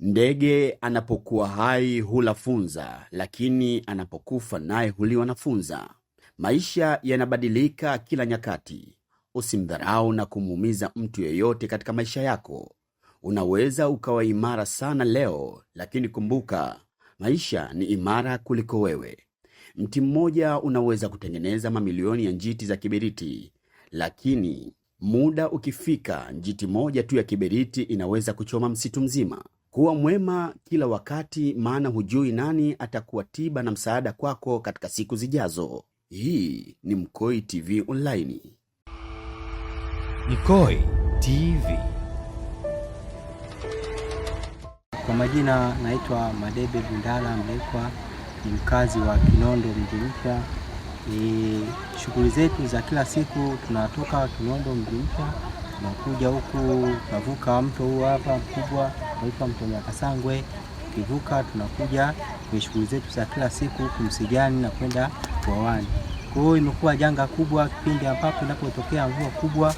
Ndege anapokuwa hai hula funza, lakini anapokufa naye huliwa na funza. Maisha yanabadilika kila nyakati. Usimdharau na kumuumiza mtu yeyote katika maisha yako. Unaweza ukawa imara sana leo, lakini kumbuka, maisha ni imara kuliko wewe. Mti mmoja unaweza kutengeneza mamilioni ya njiti za kiberiti, lakini muda ukifika, njiti moja tu ya kiberiti inaweza kuchoma msitu mzima. Kuwa mwema kila wakati, maana hujui nani atakuwa tiba na msaada kwako katika siku zijazo. Hii ni Mkoi TV Online. Mkoi TV. Kwa majina naitwa Madebe Bundala Mlekwa, ni mkazi wa Kinondo mji mpya. ni shughuli zetu za kila siku tunatoka Kinondo mji mpya tunakuja huku tunavuka mto huu hapa mkubwa naitwa Mtonya Kasangwe. Kivuka tunakuja kwenye shughuli zetu za kila siku kumsijani na kwenda bwawani. Kwa hiyo imekuwa janga kubwa kipindi ambapo inapotokea mvua kubwa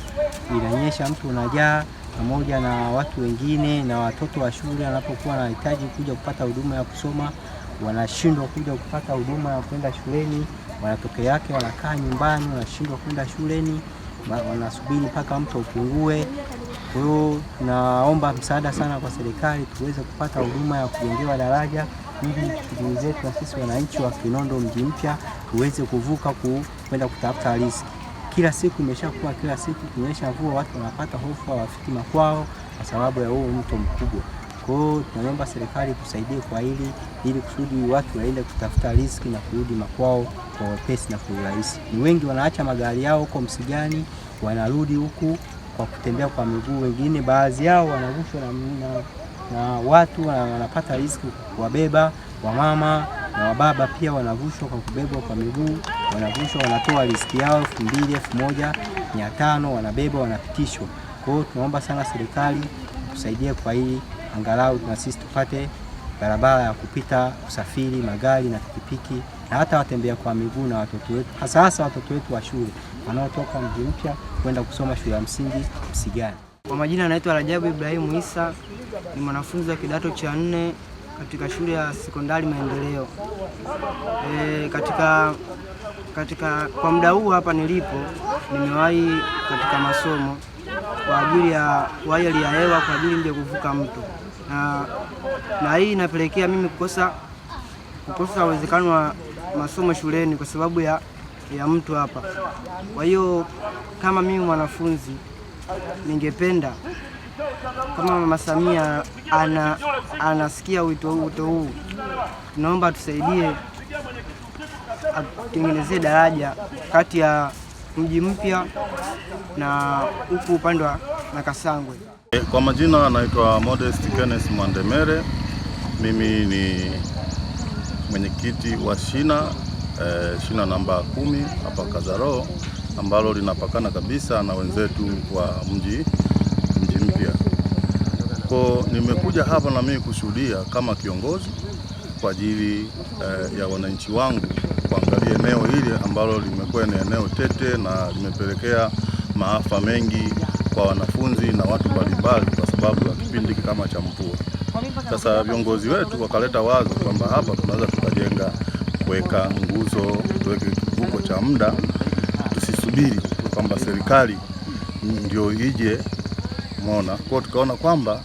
inanyesha, mtu unajaa pamoja na watu wengine na watoto wa shule wanapokuwa wanahitaji kuja kupata huduma ya kusoma wanashindwa kuja kupata huduma ya kwenda shuleni, wanatokea yake wanakaa nyumbani, wanashindwa kwenda shuleni, wanasubiri mpaka mto upungue. Kwa hiyo naomba msaada sana kwa serikali tuweze kupata huduma ya kujengewa daraja ili shughuli zetu na sisi wananchi wa Kinondo mji mpya tuweze kuvuka kwenda kutafuta riziki. Kila siku imeshakuwa kila siku kunyesha mvua, watu wanapata hofu, hawafiki makwao kwa sababu ya huo mto mkubwa. Kwa hiyo tunaomba serikali tusaidie kwa hili ili kusudi watu waende kutafuta riziki na kurudi makwao kwa wepesi na kwa urahisi. Ni wengi wanaacha magari yao huko Msigani wanarudi huku kwa kutembea kwa miguu, wengine baadhi yao wanarushwa na, na, na watu wanapata riziki kuwabeba wamama na wababa pia wanavushwa kwa kubebwa kwa miguu, wanavushwa wanatoa riziki yao elfu mbili elfu moja mia tano wanabeba wanapitishwa. Kwa hiyo tunaomba sana serikali tusaidia kwa hii, angalau na sisi tupate barabara ya kupita usafiri, magari na pikipiki, na hata watembea kwa miguu na watoto wetu, hasa hasa watoto wetu wa shule wanaotoka mji mpya kwenda kusoma shule ya msingi Msigani. Kwa majina anaitwa Rajabu Ibrahimu Isa, ni mwanafunzi wa kidato cha nne katika shule ya sekondari Maendeleo. E, katika, katika kwa muda huu hapa nilipo nimewahi katika masomo kwa ajili ya wayeli ya hewa kwa ajili nje kuvuka mto na, na hii inapelekea mimi kukosa kukosa uwezekano wa masomo shuleni kwa sababu ya ya mtu hapa. Kwa hiyo kama mimi mwanafunzi, ningependa kama Mama Samia ana, anasikia wito huu, tunaomba atusaidie atutengenezee daraja kati ya mji mpya na huku upande wa Nakasangwe. Kwa majina anaitwa Modest Kenneth Mwandemere, mimi ni mwenyekiti wa shina eh, shina namba kumi hapa kazaro ambalo linapakana kabisa na wenzetu wa mji mji mpya. Kwa nimekuja hapa na mimi kushuhudia kama kiongozi kwa ajili eh, ya wananchi wangu kuangalia eneo hili ambalo limekuwa ni eneo tete na limepelekea maafa mengi kwa wanafunzi na watu mbalimbali kwa sababu ya kipindi kama cha mvua. Sasa viongozi wetu wakaleta wazo kwamba hapa tunaweza tukajenga kuweka nguzo, tuweke kivuko cha muda, tusisubiri kwamba serikali ndio ije mona kwao. Tukaona kwamba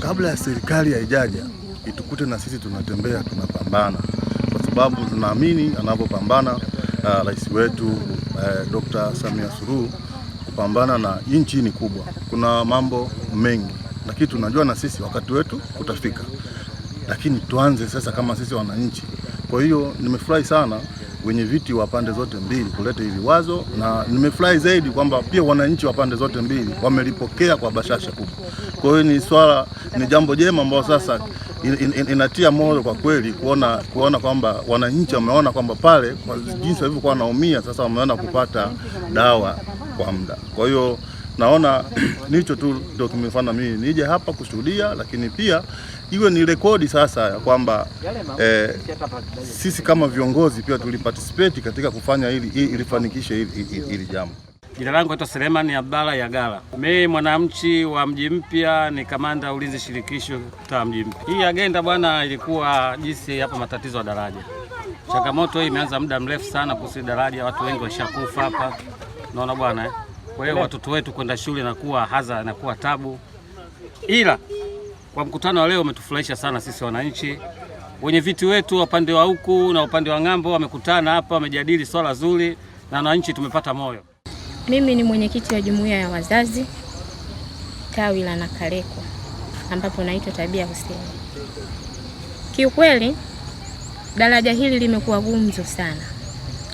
kabla ya serikali haijaja itukute na sisi tunatembea tunapambana, kwa sababu tunaamini anavyopambana uh, rais wetu uh, eh, Dr. Samia Suluhu kupambana na nchi ni kubwa, kuna mambo mengi, lakini tunajua na sisi wakati wetu utafika, lakini tuanze sasa kama sisi wananchi kwa hiyo nimefurahi sana wenye viti wa pande zote mbili kuleta hivi wazo, na nimefurahi zaidi kwamba pia wananchi wa pande zote mbili wamelipokea kwa bashasha kubwa. Kwa hiyo ni swala, ni jambo jema ambayo sasa in, in, inatia moyo kwa kweli kuona kuona kwamba wananchi wameona kwamba pale kwa jinsi walivyokuwa wanaumia sasa wameona kupata dawa kwa muda. Kwa hiyo naona nicho tu ndio kimefanya mimi nije hapa kushuhudia, lakini pia iwe ni rekodi sasa ya kwamba eh, sisi kama viongozi pia tuliparticipate katika kufanya hili ilifanikishe hili, hili, hili jambo. Jina langu naitwa Selemani Abdalla Yagala. Mimi mwananchi wa Mji Mpya, ni kamanda ulinzi shirikisho ta Mji Mpya. Hii agenda bwana, ilikuwa jinsi hapa matatizo ya daraja. Changamoto hii imeanza muda mrefu sana kuhusu daraja, watu wengi washakufa hapa, naona bwana eh? Kwa hiyo watoto wetu kwenda shule nakuwa hadha nakuwa tabu, ila kwa mkutano wa leo umetufurahisha sana sisi wananchi. Wenye viti wetu upande wa huku na upande wa ng'ambo wamekutana hapa, wamejadili swala zuri na wananchi tumepata moyo. Mimi ni mwenyekiti wa jumuiya ya wazazi tawi la Nakalekwa ambapo naitwa Tabia Hussein. Kiukweli daraja hili limekuwa gumzo sana,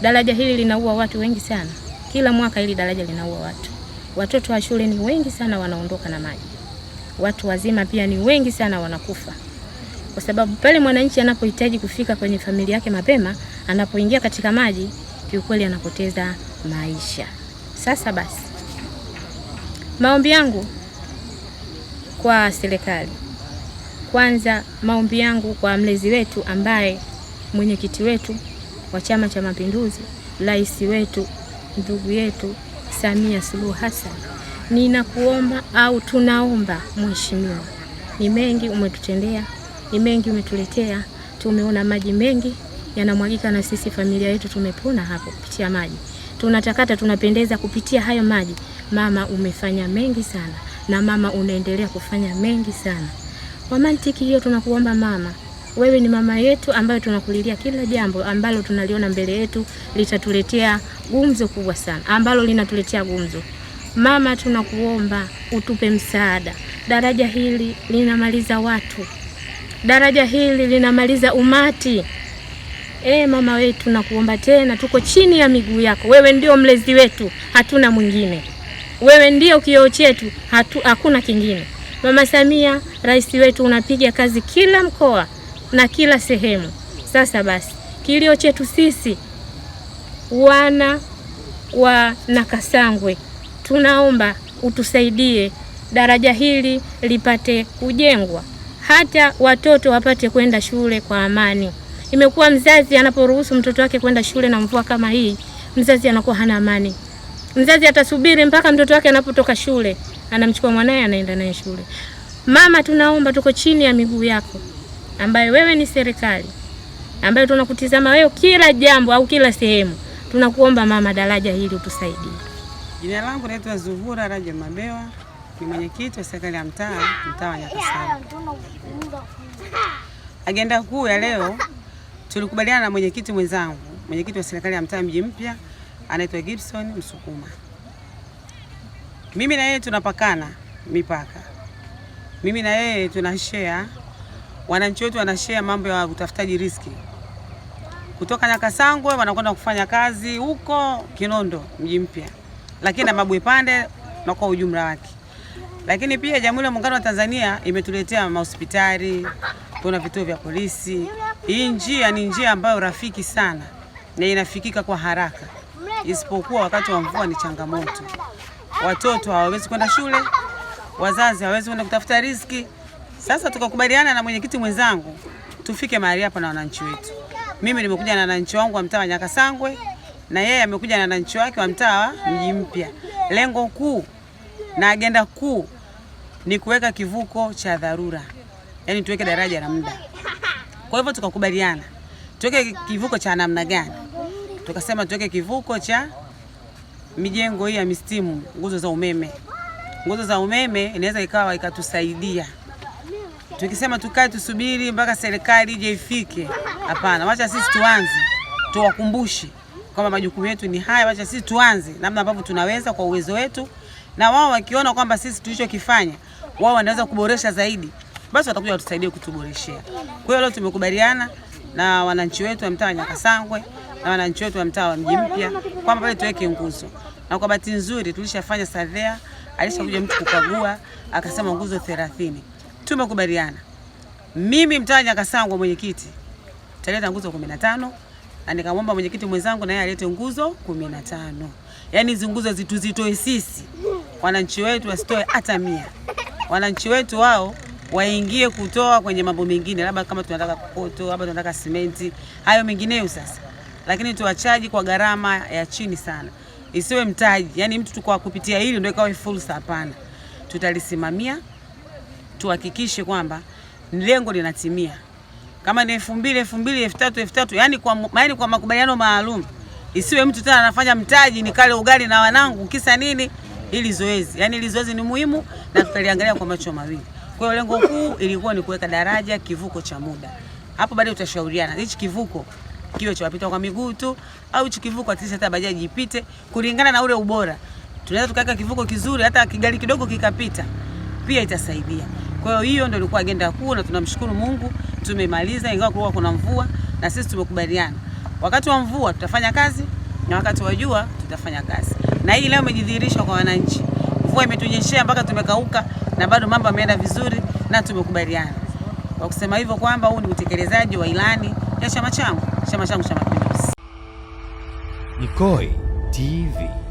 daraja hili linaua watu wengi sana. Kila mwaka hili daraja linaua watu, watoto wa shule ni wengi sana wanaondoka na maji, watu wazima pia ni wengi sana wanakufa, kwa sababu pale mwananchi anapohitaji kufika kwenye familia yake mapema, anapoingia katika maji, kiukweli anapoteza maisha. Sasa basi, maombi yangu kwa serikali, kwanza maombi yangu kwa mlezi wetu ambaye mwenyekiti wetu wa Chama cha Mapinduzi, rais wetu ndugu yetu Samia Suluhu Hassan, ninakuomba au tunaomba mheshimiwa, ni mengi umetutendea, ni mengi umetuletea, tumeona maji mengi yanamwagika na sisi familia yetu tumepona hapo kupitia maji, tunatakata tunapendeza kupitia hayo maji. Mama umefanya mengi sana, na mama unaendelea kufanya mengi sana. Kwa mantiki hiyo, tunakuomba mama, wewe ni mama yetu ambayo tunakulilia kila jambo ambalo tunaliona mbele yetu litatuletea gumzo kubwa sana ambalo linatuletea gumzo. Mama, tunakuomba utupe msaada. Daraja hili linamaliza watu, daraja hili linamaliza umati. E mama wetu, nakuomba tena, tuko chini ya miguu yako. Wewe ndio mlezi wetu, hatuna mwingine. Wewe ndio kioo chetu, hatu hakuna kingine. Mama Samia, rais wetu, unapiga kazi kila mkoa na kila sehemu. Sasa basi, kilio chetu sisi wana wa Nakasangwe, tunaomba utusaidie daraja hili lipate kujengwa, hata watoto wapate kwenda shule kwa amani. Imekuwa mzazi anaporuhusu mtoto wake kwenda shule na mvua kama hii, mzazi anakuwa hana amani. Mzazi atasubiri mpaka mtoto wake anapotoka shule, anamchukua mwanaye, anaenda naye shule. Mama, tunaomba tuko chini ya miguu yako, ambaye wewe ni serikali, ambayo tunakutizama wewe kila jambo au kila sehemu. Tunakuomba mama daraja hili utusaidie. Jina langu naitwa Zuhura Raja Mabewa, ni mwenyekiti wa serikali ya mtaa, mtaa wa Nyakasana. Agenda kuu ya leo tulikubaliana na mwenyekiti mwenzangu, mwenyekiti wa serikali ya mtaa mji mpya anaitwa Gibson Msukuma. Mimi na yeye tunapakana mipaka, mimi na yeye tunashare, wananchi wetu wanashare mambo ya utafutaji riziki kutoka Nyakasangwe wanakwenda kufanya kazi huko Kinondo mji mpya, lakini na Pande na kwa ujumla wake. Lakini pia Jamhuri ya Muungano wa Tanzania imetuletea mahospitali, kuna vituo vya polisi. Hii njia ni njia ambayo rafiki sana na inafikika kwa haraka, isipokuwa wakati wa mvua ni changamoto. Watoto hawawezi kwenda shule, wazazi hawawezi kwenda kutafuta riziki. Sasa tukakubaliana na mwenyekiti mwenzangu tufike mahali hapa na wananchi wetu. Mimi nimekuja na wananchi wangu wa mtaa wa Nyakasangwe na yeye amekuja na wananchi wake wa mtaa wa Mji Mpya. Lengo kuu na agenda kuu ni kuweka kivuko cha dharura, yaani tuweke daraja la muda. Kwa hivyo tukakubaliana tuweke kivuko cha namna gani? Tukasema tuweke kivuko cha mijengo hii ya mistimu, nguzo za umeme. Nguzo za umeme inaweza ikawa ikatusaidia, tukisema tukae tusubiri mpaka serikali ije ifike Hapana, wacha sisi tuanze, tuwakumbushe kwamba majukumu yetu ni haya. Wacha sisi tuanze namna ambavyo tunaweza kwa uwezo wetu, na wao wakiona kwamba sisi tulichokifanya wao wanaweza kuboresha zaidi, basi watakuja watusaidie kutuboreshea. Kwa hiyo leo tumekubaliana na wananchi wetu wa mtaa wa Nyakasangwe na wananchi wetu wa mtaa wa Mji Mpya kwamba pale tuweke nguzo, na kwa bahati nzuri tulishafanya survey, alishakuja mtu kukagua akasema nguzo 30. Tumekubaliana mimi mtaa wa Nyakasangwe mwenyekiti tutaleta nguzo 15 na nikamwomba mwenyekiti mwenzangu naye alete nguzo 15. Yaani hizi nguzo zituzitoe sisi wananchi wetu, wasitoe hata mia. Wananchi wetu wao waingie kutoa kwenye mambo mengine, labda kama tunataka kokoto, labda tunataka simenti, hayo mengineyo sasa, lakini tuwachaji kwa gharama ya chini sana, isiwe mtaji. Yani mtu tukwa kupitia hili ndio ikawa fursa, hapana. Tutalisimamia tuhakikishe kwamba lengo linatimia kama ni elfu mbili elfu mbili elfu tatu elfu tatu yani kwa, yani kwa makubaliano maalum, isiwe mtu tena anafanya mtaji ni kale ugali na wanangu kisa nini? Ili zoezi yani, ili zoezi ni muhimu na tutaliangalia kwa macho mawili. Kwa hiyo lengo kuu ilikuwa ni kuweka daraja kivuko cha muda. Hapo baadaye utashauriana hichi kivuko kiwe cha wapita kwa miguu tu au hichi kivuko atisi hata bajaji ipite kulingana na ule ubora. Tunaweza tukaweka kivuko kizuri hata kigari kidogo kikapita, pia itasaidia. Kwa hiyo hiyo ndio ilikuwa agenda kuu, na tunamshukuru Mungu tumemaliza, ingawa kulikuwa kuna mvua, na sisi tumekubaliana wakati wa mvua tutafanya kazi na wakati wa jua tutafanya kazi, na hii leo imejidhihirisha kwa wananchi. Mvua imetunyeshea mpaka tumekauka, na bado mambo yameenda vizuri, na tumekubaliana kwa kusema hivyo kwamba huu ni utekelezaji wa ilani ya chama changu, chama changu cha Mapinduzi. Nikoi TV.